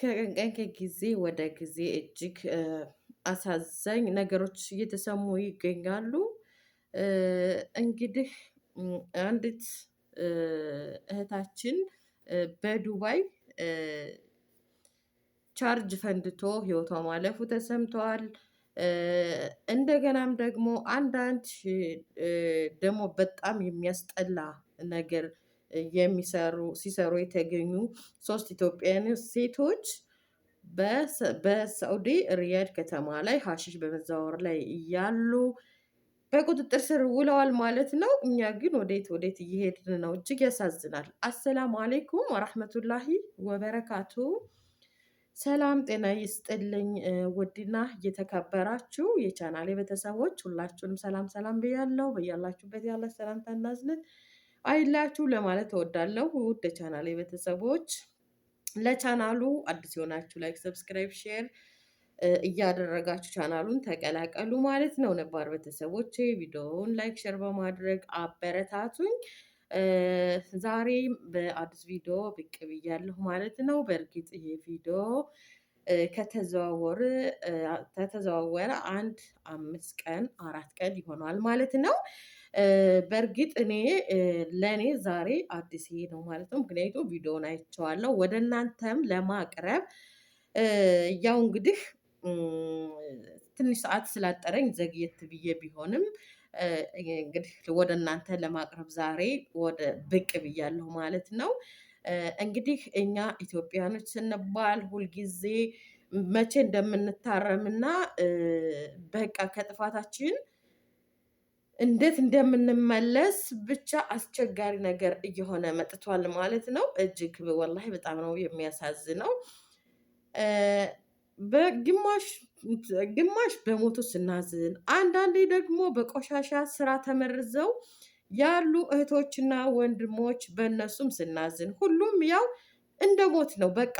ከቀን ከጊዜ ወደ ጊዜ እጅግ አሳዛኝ ነገሮች እየተሰሙ ይገኛሉ። እንግዲህ አንዲት እህታችን በዱባይ ቻርጅ ፈንድቶ ህይወቷ ማለፉ ተሰምተዋል። እንደገናም ደግሞ አንዳንድ ደግሞ በጣም የሚያስጠላ ነገር የሚሰሩ ሲሰሩ የተገኙ ሶስት ኢትዮጵያውያን ሴቶች በሳዑዲ ሪያድ ከተማ ላይ ሀሽሽ በመዘዋወር ላይ እያሉ በቁጥጥር ስር ውለዋል ማለት ነው። እኛ ግን ወዴት ወዴት እየሄድን ነው? እጅግ ያሳዝናል። አሰላሙ አሌይኩም ወራህመቱላሂ ወበረካቱ። ሰላም ጤና ይስጥልኝ። ውድና እየተከበራችሁ የቻናሌ ቤተሰቦች ሁላችሁንም ሰላም ሰላም ብያለሁ። በያላችሁበት ያለ ሰላምታ እናዝነት አይላችሁ ለማለት እወዳለሁ። ውድ ቻናል ቤተሰቦች ለቻናሉ አዲስ የሆናችሁ ላይክ፣ ሰብስክራይብ፣ ሼር እያደረጋችሁ ቻናሉን ተቀላቀሉ ማለት ነው። ነባር ቤተሰቦች ቪዲዮውን ላይክ፣ ሼር በማድረግ አበረታቱኝ። ዛሬ በአዲስ ቪዲዮ ብቅ ብያለሁ ማለት ነው። በእርግጥ ይሄ ቪዲዮ ከተዘዋወረ ከተዘዋወረ አንድ አምስት ቀን አራት ቀን ይሆኗል ማለት ነው። በእርግጥ እኔ ለእኔ ዛሬ አዲስ ይሄ ነው ማለት ነው። ምክንያቱም ቪዲዮውን አይቼዋለሁ ወደ እናንተም ለማቅረብ ያው እንግዲህ ትንሽ ሰዓት ስላጠረኝ ዘግየት ብዬ ቢሆንም እንግዲህ ወደ እናንተ ለማቅረብ ዛሬ ወደ ብቅ ብያለሁ ማለት ነው። እንግዲህ እኛ ኢትዮጵያኖች ስንባል ሁልጊዜ መቼ እንደምንታረምና በቃ ከጥፋታችን እንዴት እንደምንመለስ ብቻ አስቸጋሪ ነገር እየሆነ መጥቷል ማለት ነው። እጅግ ወላሂ በጣም ነው የሚያሳዝነው። በግማሽ ግማሽ በሞቱ ስናዝን፣ አንዳንዴ ደግሞ በቆሻሻ ስራ ተመርዘው ያሉ እህቶችና ወንድሞች በእነሱም ስናዝን፣ ሁሉም ያው እንደ ሞት ነው። በቃ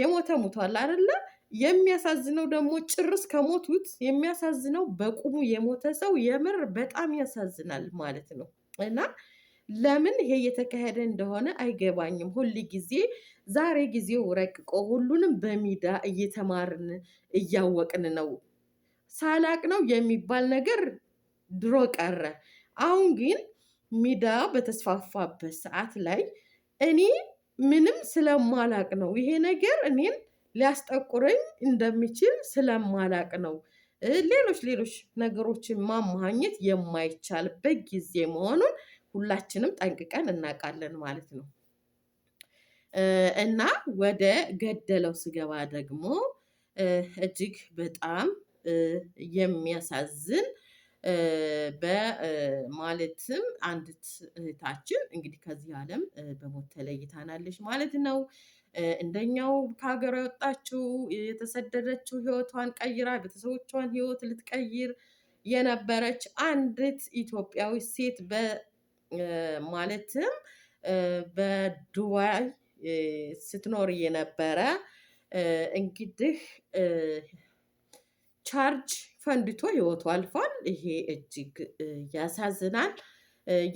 የሞተ ሙቷል አይደለም የሚያሳዝነው ደግሞ ጭርስ ከሞቱት የሚያሳዝነው በቁሙ የሞተ ሰው የምር በጣም ያሳዝናል ማለት ነው። እና ለምን ይሄ እየተካሄደ እንደሆነ አይገባኝም። ሁል ጊዜ ዛሬ ጊዜው ረቅቆ ሁሉንም በሚዳ እየተማርን እያወቅን ነው። ሳላቅ ነው የሚባል ነገር ድሮ ቀረ። አሁን ግን ሚዳ በተስፋፋበት ሰዓት ላይ እኔ ምንም ስለማላቅ ነው ይሄ ነገር እኔን ሊያስጠቁረኝ እንደሚችል ስለማላቅ ነው። ሌሎች ሌሎች ነገሮችን ማማኘት የማይቻልበት ጊዜ መሆኑን ሁላችንም ጠንቅቀን እናውቃለን ማለት ነው። እና ወደ ገደለው ስገባ ደግሞ እጅግ በጣም የሚያሳዝን በማለትም አንዲት እህታችን እንግዲህ ከዚህ ዓለም በሞት ተለይታናለች ማለት ነው። እንደኛው ከሀገር የወጣችው የተሰደደችው ህይወቷን ቀይራ ቤተሰቦቿን ህይወት ልትቀይር የነበረች አንዲት ኢትዮጵያዊ ሴት ማለትም በዱባይ ስትኖር የነበረ እንግዲህ ቻርጅ ፈንድቶ ህይወቱ አልፏል። ይሄ እጅግ ያሳዝናል።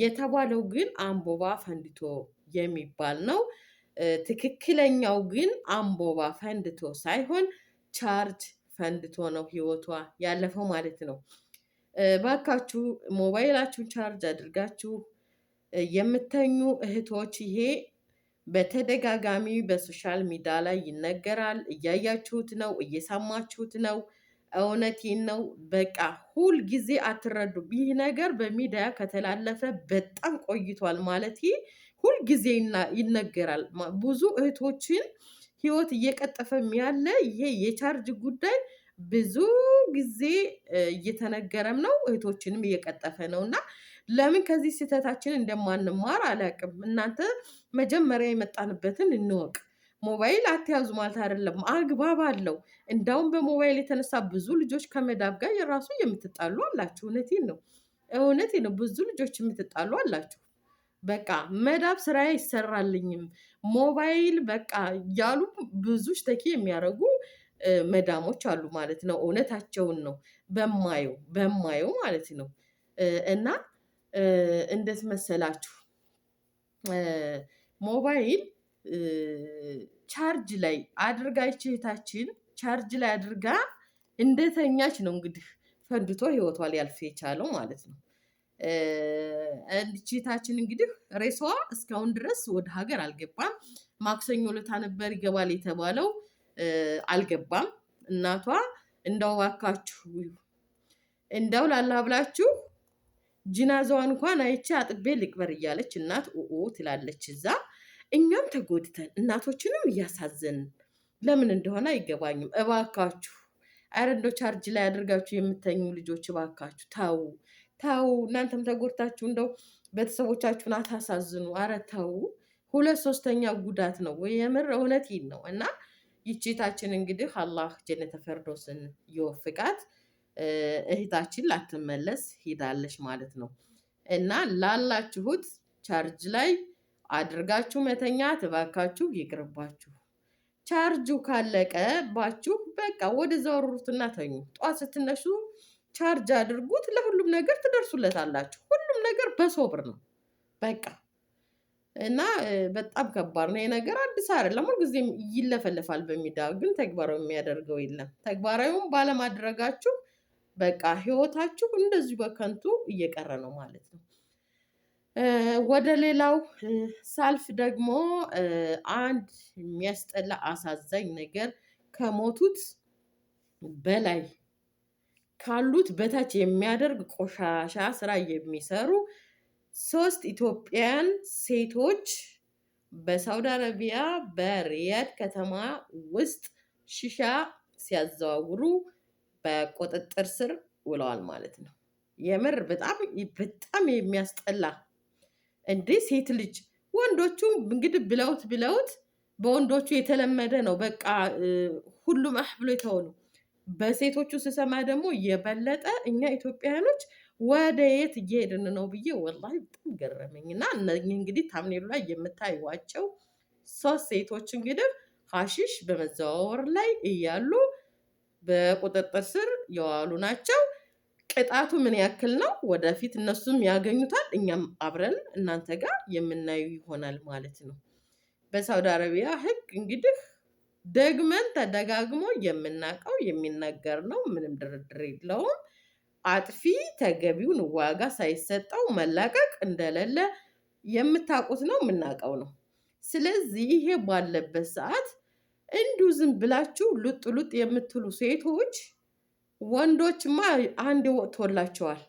የተባለው ግን አንቦባ ፈንድቶ የሚባል ነው። ትክክለኛው ግን አምቦባ ፈንድቶ ሳይሆን ቻርጅ ፈንድቶ ነው ህይወቷ ያለፈው ማለት ነው። ባካችሁ ሞባይላችሁን ቻርጅ አድርጋችሁ የምተኙ እህቶች ይሄ በተደጋጋሚ በሶሻል ሚዲያ ላይ ይነገራል። እያያችሁት ነው፣ እየሰማችሁት ነው። እውነቴን ነው። በቃ ሁል ጊዜ አትረዱ። ይህ ነገር በሚዲያ ከተላለፈ በጣም ቆይቷል ማለት ሁልጊዜ ይነገራል። ብዙ እህቶችን ህይወት እየቀጠፈም ያለ ይሄ የቻርጅ ጉዳይ ብዙ ጊዜ እየተነገረም ነው፣ እህቶችንም እየቀጠፈ ነው። እና ለምን ከዚህ ስህተታችን እንደማንማር አላውቅም። እናንተ መጀመሪያ የመጣንበትን እንወቅ። ሞባይል አትያዙ ማለት አይደለም፣ አግባብ አለው። እንዳውም በሞባይል የተነሳ ብዙ ልጆች ከመዳብ ጋር የራሱ የምትጣሉ አላችሁ። እውነቴን ነው፣ እውነቴ ነው። ብዙ ልጆች የምትጣሉ አላችሁ። በቃ መዳብ ስራ አይሰራልኝም ሞባይል በቃ ያሉ ብዙ ሽተኪ የሚያደርጉ መዳሞች አሉ ማለት ነው። እውነታቸውን ነው በማየው በማየው ማለት ነው። እና እንዴት መሰላችሁ? ሞባይል ቻርጅ ላይ አድርጋ ይቺ ቻርጅ ላይ አድርጋ እንደተኛች ነው እንግዲህ ፈንድቶ ህይወቷ ሊያልፍ የቻለው ማለት ነው። ልጅታችን እንግዲህ ሬሳዋ እስካሁን ድረስ ወደ ሀገር አልገባም። ማክሰኞ ለታ ነበር ይገባል የተባለው አልገባም። እናቷ እንዳው እባካችሁ እንዳው ላላ ብላችሁ ጅናዛዋን እንኳን አይቼ አጥቤ ልቅበር እያለች እናት ኦ ትላለች። እዛ እኛም ተጎድተን እናቶችንም እያሳዘንን ለምን እንደሆነ አይገባኝም። እባካችሁ አረ አርጅ ቻርጅ ላይ አድርጋችሁ የምተኙ ልጆች እባካችሁ ታው ተው፣ እናንተም ተጎድታችሁ እንደው ቤተሰቦቻችሁን አታሳዝኑ። አረ ተው፣ ሁለት ሶስተኛ ጉዳት ነው ወይ? የምር እውነት ነው። እና ይቺታችን እንግዲህ አላህ ጀነተ ፈርዶስን ይወፍቃት። እህታችን ላትመለስ ሂዳለች ማለት ነው። እና ላላችሁት ቻርጅ ላይ አድርጋችሁ መተኛ ትባካችሁ ይቅርባችሁ። ቻርጁ ካለቀ ባችሁ በቃ ወደ ዘወሩትና ተኙ። ጠዋት ስትነሱ ቻርጅ አድርጉት። ለሁሉም ነገር ትደርሱለታላችሁ። ሁሉም ነገር በሶብር ነው በቃ እና በጣም ከባድ ነው። ይሄ ነገር አዲስ አይደለም። ሁልጊዜም ይለፈልፋል በሚዲያ ግን ተግባራዊ የሚያደርገው የለም። ተግባራዊም ባለማድረጋችሁ በቃ ህይወታችሁ እንደዚሁ በከንቱ እየቀረ ነው ማለት ነው። ወደ ሌላው ሳልፍ ደግሞ አንድ የሚያስጠላ አሳዛኝ ነገር ከሞቱት በላይ ካሉት በታች የሚያደርግ ቆሻሻ ስራ የሚሰሩ ሶስት ኢትዮጵያን ሴቶች በሳውዲ አረቢያ በሪያድ ከተማ ውስጥ ሺሻ ሲያዘዋውሩ በቁጥጥር ስር ውለዋል ማለት ነው። የምር በጣም በጣም የሚያስጠላ እንዴ! ሴት ልጅ ወንዶቹ እንግዲህ ብለውት ብለውት በወንዶቹ የተለመደ ነው። በቃ ሁሉም አህ ብሎ የተሆኑ በሴቶቹ ስሰማ ደግሞ የበለጠ እኛ ኢትዮጵያውያኖች ወደ የት እየሄድን ነው ብዬ ወላሂ በጣም ገረመኝ። እና እነኚህ እንግዲህ ታምኔሉ ላይ የምታዩዋቸው ሶስት ሴቶች እንግዲህ ሀሺሽ በመዘዋወር ላይ እያሉ በቁጥጥር ስር የዋሉ ናቸው። ቅጣቱ ምን ያክል ነው? ወደፊት እነሱም ያገኙታል፣ እኛም አብረን እናንተ ጋር የምናዩ ይሆናል ማለት ነው። በሳውዲ አረቢያ ሕግ እንግዲህ ደግመን ተደጋግሞ የምናውቀው የሚነገር ነው። ምንም ድርድር የለውም። አጥፊ ተገቢውን ዋጋ ሳይሰጠው መላቀቅ እንደሌለ የምታውቁት ነው፣ የምናውቀው ነው። ስለዚህ ይሄ ባለበት ሰዓት እንዲሁ ዝም ብላችሁ ሉጥ ሉጥ የምትሉ ሴቶች ወንዶችማ አንድ ወጥቶላቸዋል።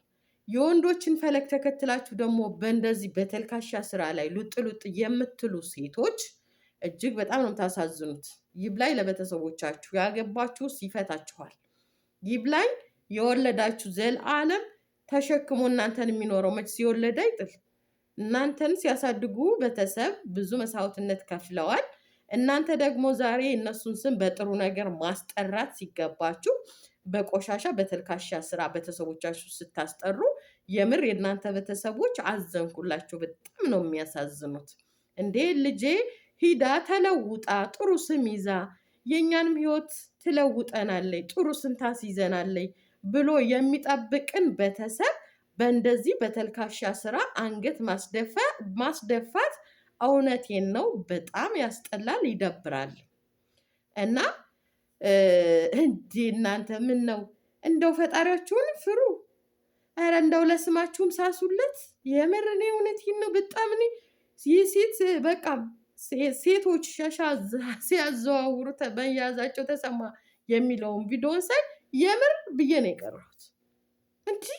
የወንዶችን ፈለግ ተከትላችሁ ደግሞ በእንደዚህ በተልካሻ ስራ ላይ ሉጥ ሉጥ የምትሉ ሴቶች እጅግ በጣም ነው የምታሳዝኑት። ይብላኝ ለቤተሰቦቻችሁ፣ ያገባችሁስ ይፈታችኋል። ይብላኝ የወለዳችሁ ዘላለም ተሸክሞ እናንተን የሚኖረው መች ሲወለደ አይጥል። እናንተን ሲያሳድጉ ቤተሰብ ብዙ መስዋዕትነት ከፍለዋል። እናንተ ደግሞ ዛሬ እነሱን ስም በጥሩ ነገር ማስጠራት ሲገባችሁ በቆሻሻ በተልካሻ ስራ ቤተሰቦቻችሁ ስታስጠሩ የምር የእናንተ ቤተሰቦች አዘንኩላቸው በጣም ነው የሚያሳዝኑት እንዴ ልጄ ሂዳ ተለውጣ ጥሩ ስም ይዛ የእኛንም ህይወት ትለውጠናለይ፣ ጥሩ ስም ታስይዘናለይ ብሎ የሚጠብቅን ቤተሰብ በእንደዚህ በተልካሻ ስራ አንገት ማስደፋት እውነቴን ነው በጣም ያስጠላል፣ ይደብራል። እና እንዴ እናንተ ምን ነው እንደው ፈጣሪያችሁን ፍሩ። ኧረ እንደው ለስማችሁም ሳሱለት። የምር እኔ እውነቴን ነው በጣም እኔ ይህ ሴት በቃ ሴቶች ሻሻ ሲያዘዋውሩ መያዛቸው ተሰማ የሚለውን ቪዲዮን ሳይ የምር ብዬ ነው የቀረሁት። እንዲህ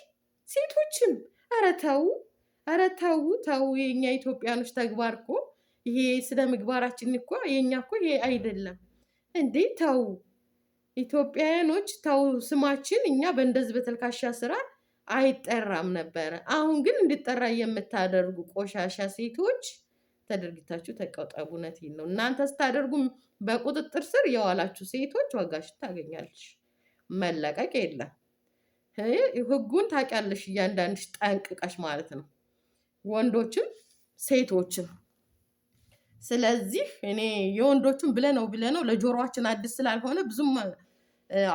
ሴቶችም ኧረ ተው ኧረ ተው ተው። የእኛ ኢትዮጵያኖች ተግባር እኮ ይሄ ስነ ምግባራችን እኮ የእኛ እኮ ይሄ አይደለም እንዴ! ተው ኢትዮጵያውያኖች ተው። ስማችን እኛ በእንደዚህ በተልካሻ ስራ አይጠራም ነበረ። አሁን ግን እንዲጠራ የምታደርጉ ቆሻሻ ሴቶች ተደርጊታችሁ ተቆጠቡ። እውነቴን ነው። እናንተ ስታደርጉ በቁጥጥር ስር የዋላችሁ ሴቶች ዋጋሽ ታገኛለሽ። መለቀቅ የለም። ህጉን ታውቂያለሽ እያንዳንድሽ ጠንቅቀሽ ማለት ነው፣ ወንዶችም ሴቶችም። ስለዚህ እኔ የወንዶችም ብለነው ብለነው ለጆሮችን አዲስ ስላልሆነ ብዙም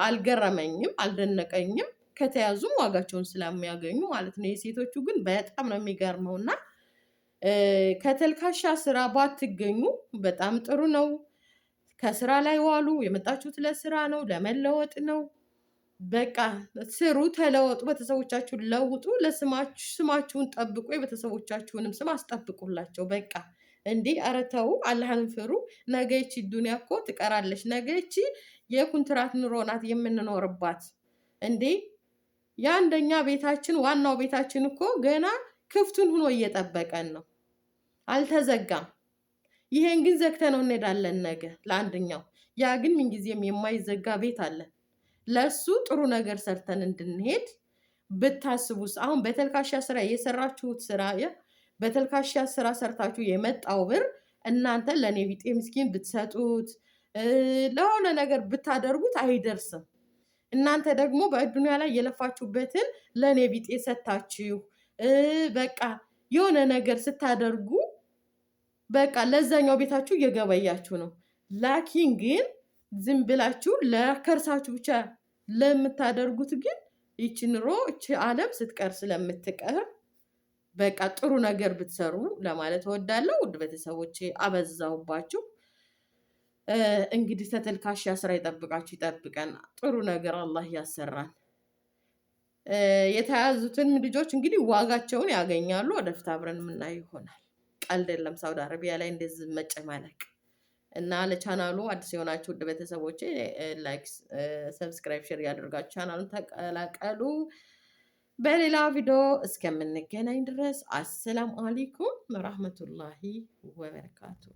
አልገረመኝም፣ አልደነቀኝም። ከተያዙም ዋጋቸውን ስለሚያገኙ ማለት ነው። የሴቶቹ ግን በጣም ነው የሚገርመውና። እና ከተልካሻ ስራ ባትገኙ በጣም ጥሩ ነው። ከስራ ላይ ዋሉ። የመጣችሁት ለስራ ነው፣ ለመለወጥ ነው። በቃ ስሩ፣ ተለወጡ፣ ቤተሰቦቻችሁን ለውጡ። ለስማችሁ ስማችሁን ጠብቁ፣ የቤተሰቦቻችሁንም ስም አስጠብቁላቸው። በቃ እንዲህ አረተው ተው፣ አላህን ፍሩ። ነገች ዱኒያ እኮ ትቀራለች። ነገች የኩንትራት ኑሮ ናት የምንኖርባት። እንዴ የአንደኛ ቤታችን ዋናው ቤታችን እኮ ገና ክፍቱን ሆኖ እየጠበቀን ነው። አልተዘጋም። ይሄን ግን ዘግተነው እንሄዳለን ነገ ለአንድኛው። ያ ግን ምንጊዜም የማይዘጋ ቤት አለ። ለሱ ጥሩ ነገር ሰርተን እንድንሄድ ብታስቡስ። አሁን በተልካሻ ስራ የሰራችሁት ስራ በተልካሻ ስራ ሰርታችሁ የመጣው ብር እናንተ ለእኔ ቢጤ ምስኪን ብትሰጡት ለሆነ ነገር ብታደርጉት አይደርስም። እናንተ ደግሞ በዱንያ ላይ የለፋችሁበትን ለእኔ ቢጤ ሰታችሁ በቃ የሆነ ነገር ስታደርጉ በቃ ለዛኛው ቤታችሁ እየገበያችሁ ነው። ላኪን ግን ዝም ብላችሁ ለከርሳችሁ ብቻ ለምታደርጉት ግን ይቺ ኑሮ ይቺ ዓለም ስትቀር ስለምትቀር በቃ ጥሩ ነገር ብትሰሩ ለማለት እወዳለሁ። ውድ ቤተሰቦቼ አበዛሁባችሁ። እንግዲህ ተተልካሽ ያስራ ይጠብቃችሁ፣ ይጠብቀን። ጥሩ ነገር አላህ ያሰራን። የተያዙትን ልጆች እንግዲህ ዋጋቸውን ያገኛሉ። ወደፊት አብረን የምናየው ይሆናል። ቀልድ የለም ሳውዲ አረቢያ ላይ እንደዚህ መጨማለቅ እና ለቻናሉ አዲስ የሆናችሁ ውድ ቤተሰቦች ላይክ፣ ሰብስክራይብ፣ ሼር ቻናሉን ተቀላቀሉ። በሌላ ቪዲዮ እስከምንገናኝ ድረስ አሰላም አሌይኩም ወራህመቱላሂ ወበረካቱ።